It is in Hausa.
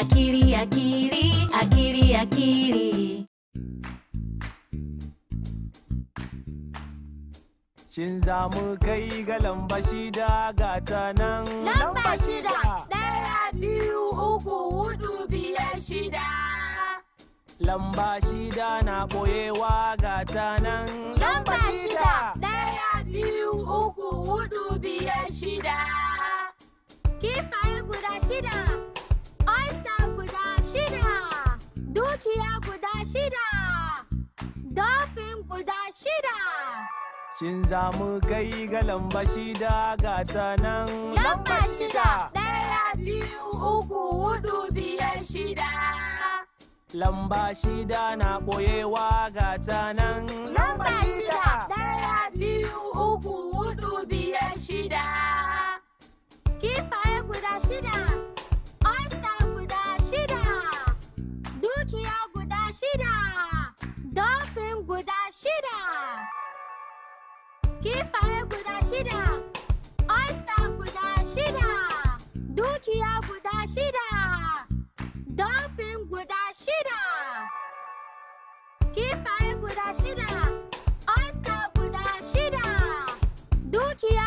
akili akili akili akili Shin za mu kai ga lamba shida ga ta nan? Lamba shida! Daya biyu, uku, hudu, biyar, shida. Lamba shida na ɓoyewa ga ta nan? Lamba shida! Daya biyu, uku, hudu, biyar, shida. Kifaye guda shida, dafin guda shida. Shin za mu kai ga lamba shida ga ta nan lamba shida. daya biyu uku hudu biyar shida. Lamba shida na ɓoyewa ga ta nan lamba shida. daya biyu uku hudu biyar shida. Kifaye guda shida, oyster guda shida, dukiya shida dolphin guda shida kifaye oyster guda shida dukiya dolphin guda shida kifaye oyster guda shida